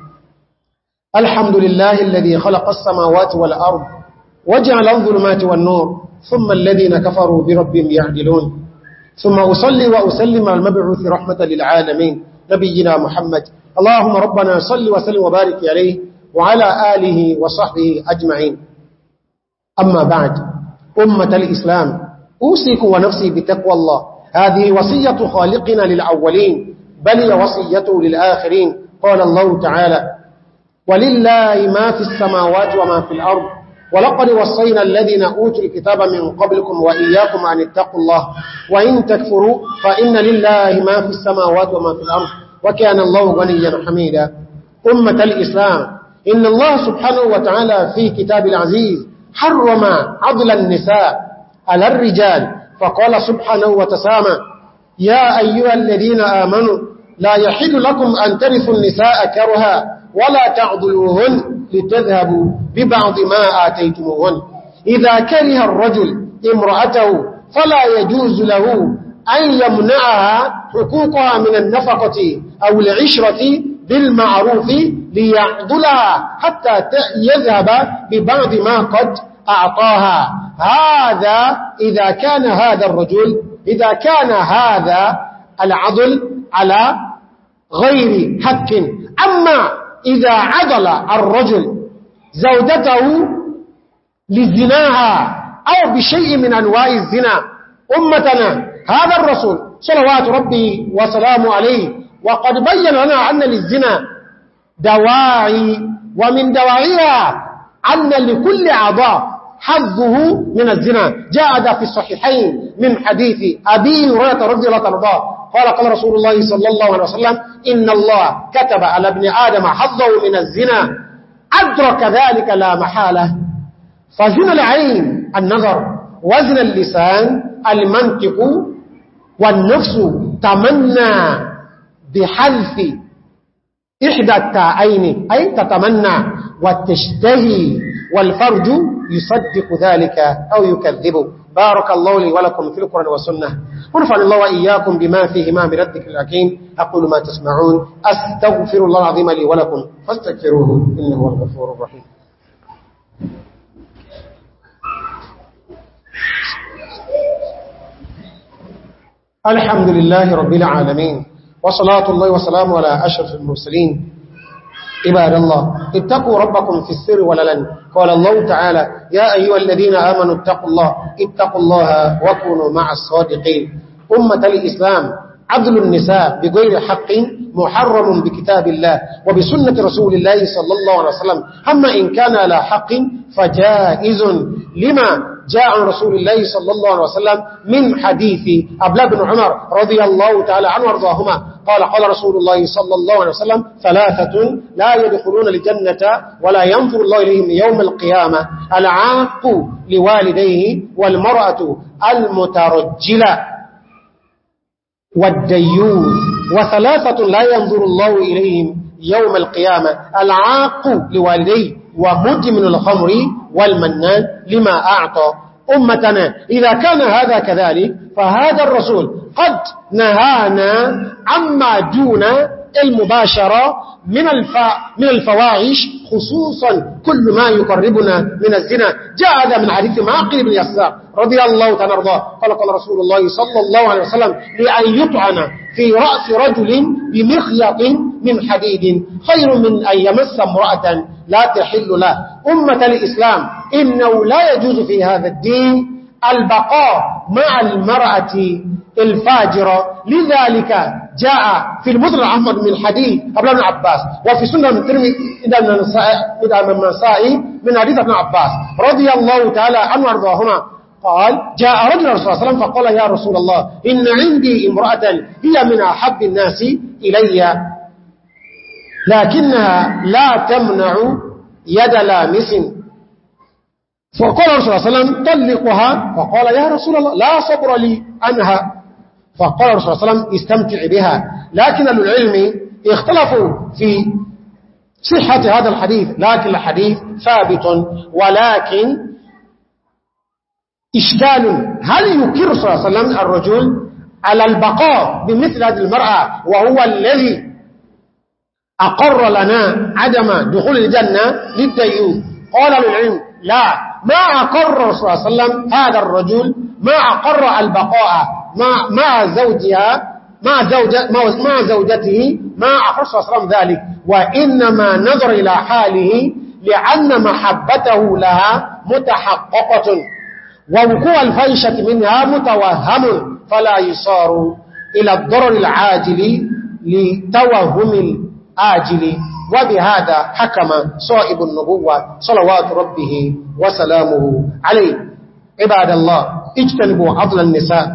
الحمد لله الذي خلق السماوات والأرض وجعل الظلمات والنور ثم الذين كفروا بربهم يعدلون ثم أصلي وأسلم على المبعوث رحمة للعالمين نبينا محمد اللهم ربنا صل وسلم وبارك عليه وعلى آله وصحبه أجمعين أما بعد أمة الإسلام أوسيك ونفسي بتقوى الله هذه وصية خالقنا للأولين بل وصيته للآخرين قال الله تعالى ولله ما في السماوات وما في الأرض ولقد وصينا الذين أوتوا الكتاب من قبلكم وإياكم أن اتقوا الله وإن تكفروا فإن لله ما في السماوات وما في الأرض وكان الله غنيا حميدا أمة الإسلام إن الله سبحانه وتعالى في كتاب العزيز حرم عضل النساء على الرجال فقال سبحانه وتسامى يا أيها الذين آمنوا لا يحل لكم أن ترثوا النساء كرها ولا تعضلوهن لتذهبوا ببعض ما آتيتموهن إذا كره الرجل امرأته فلا يجوز له أن يمنعها حقوقها من النفقة أو العشرة بالمعروف ليعضلها حتى يذهب ببعض ما قد أعطاها هذا إذا كان هذا الرجل إذا كان هذا العضل على غير حق أما إذا عدل الرجل زودته لزناها أو بشيء من أنواع الزنا أمتنا هذا الرسول صلوات ربي وسلام عليه وقد بين لنا أن للزنا دواعي ومن دواعيها أن لكل عضاء حظه من الزنا جاء ذا في الصحيحين من حديث أبي هريرة رضي الله عنه قال قال رسول الله صلى الله عليه وسلم إن الله كتب على ابن آدم حظه من الزنا أدرك ذلك لا محالة فزن العين النظر وزن اللسان المنطق والنفس تمنى بحذف إحدى التائين أي تتمنى وتشتهي والفرج يصدق ذلك أو يكذب بارك الله لي ولكم في القرآن والسنة ونفعل الله وإياكم بما فيهما من الذكر العكيم أقول ما تسمعون أستغفر الله العظيم لي ولكم فاستغفروه إنه هو الغفور الرحيم الحمد لله رب العالمين وصلاة الله وسلام على أشرف المرسلين عباد الله اتقوا ربكم في السر وللن قال الله تعالى يا أيها الذين آمنوا اتقوا الله اتقوا الله وكونوا مع الصادقين أمة الإسلام عدل النساء بغير حق محرم بكتاب الله وبسنة رسول الله صلى الله عليه وسلم أما إن كان لا حق فجائز لما جاء عن رسول الله صلى الله عليه وسلم من حديث أبلا بن عمر رضي الله تعالى عنه وارضاهما قال قال رسول الله صلى الله عليه وسلم ثلاثة لا يدخلون الجنة ولا ينفر الله إليهم يوم القيامة العاق لوالديه والمرأة المترجلة والديون وثلاثة لا ينظر الله إليهم يوم القيامة العاق لوالديه ومدمن الخمر والمنان لما أعطى أمتنا إذا كان هذا كذلك فهذا الرسول قد نهانا عما دون المباشرة من, الفواعش من الفواحش خصوصا كل ما يقربنا من الزنا جاء هذا من حديث معقل بن يسار رضي الله تعالى عنه قال قال رسول الله صلى الله عليه وسلم لأن يطعن في رأس رجل بمخيط من حديد خير من أن يمس امرأة لا تحل له أمة الإسلام إنه لا يجوز في هذا الدين البقاء مع المرأة الفاجرة لذلك جاء في المذر أحمد من حديث قبل ابن عباس وفي سنة ترمي إذا من نسائي من حديث ابن عباس رضي الله تعالى عنه وارضاهما قال جاء رجل رسول الله فقال يا رسول الله إن عندي امرأة هي من أحب الناس إلي لكنها لا تمنع يد لامس فقال رسول الله صلى الله عليه وسلم طلقها فقال يا رسول الله لا صبر لي أنها فقال رسول الله صلى الله عليه وسلم استمتع بها لكن العلم اختلفوا في صحة هذا الحديث لكن الحديث ثابت ولكن إشكال هل يكر صلى الله عليه وسلم الرجل على البقاء بمثل هذه المرأة وهو الذي أقر لنا عدم دخول الجنة للديون قال العلم لا ما أقر رسول الله صلى الله عليه وسلم هذا الرجل ما أقر البقاء مع, مع زوجها مع, زوجة مع زوجته ما أقر صلى الله عليه وسلم ذلك وإنما نظر إلى حاله لأن محبته لها متحققة ووقوع الفيشة منها متوهم فلا يصار إلى الضرر العاجل لتوهم الآجل وبهذا حكم صائب النبوة صلوات ربه وسلامه عليه عباد الله اجتنبوا عضل النساء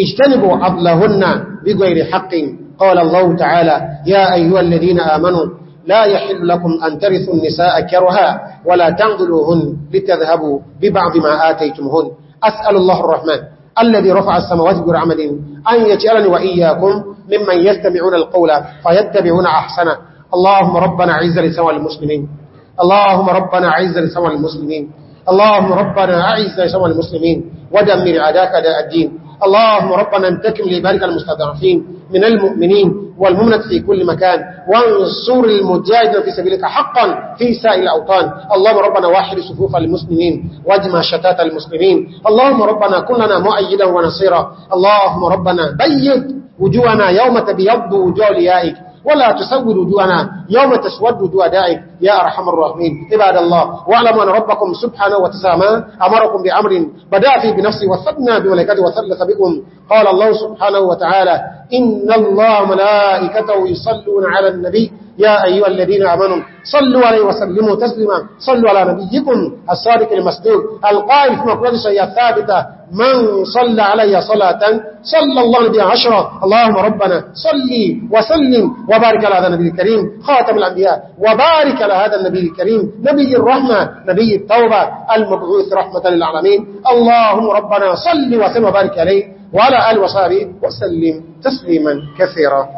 اجتنبوا عضلهن بغير حق قال الله تعالى يا أيها الذين آمنوا لا يحل لكم أن ترثوا النساء كرها ولا تنظلوهن لتذهبوا ببعض ما آتيتمهن أسأل الله الرحمن الذي رفع السماوات برعمد أن يجعلني وإياكم ممن يستمعون القول فيتبعون أحسنه اللهم ربنا عز لسوى المسلمين اللهم ربنا عز لسوى المسلمين اللهم ربنا أعز لسوى المسلمين ودمر عداك داء الدين اللهم ربنا انتكم لبارك المستضعفين من المؤمنين والمؤمنة في كل مكان وانصر المجاهدين في سبيلك حقا في سائر الأوطان اللهم ربنا واحد صفوف المسلمين واجمع شتات المسلمين اللهم ربنا كلنا مؤيدا ونصيرا اللهم ربنا بيض وجوهنا يوم تبيض وجوه ليائك ولا تسود وجوهنا يوم تسود وجوه داعك يا أرحم الراحمين عباد الله واعلموا أن ربكم سبحانه وتسامى أمركم بأمر بدأ في بنفسي وثبنا بملكاته وثلث بكم قال الله سبحانه وتعالى إن الله ملائكته يصلون على النبي يا أيها الذين آمنوا صلوا عليه وسلموا تسلما صلوا على نبيكم الصادق المسدود القائل في مقرد شيئا ثابتة من صلى علي صلاة صلى الله نبي عشرة اللهم ربنا صلي وسلم وبارك على هذا النبي الكريم خاتم الأنبياء وبارك على هذا النبي الكريم نبي الرحمة نبي التوبة المبعوث رحمة للعالمين اللهم ربنا صلي وسلم وبارك عليه وعلى آل وصابه وسلم تسليما كثيرا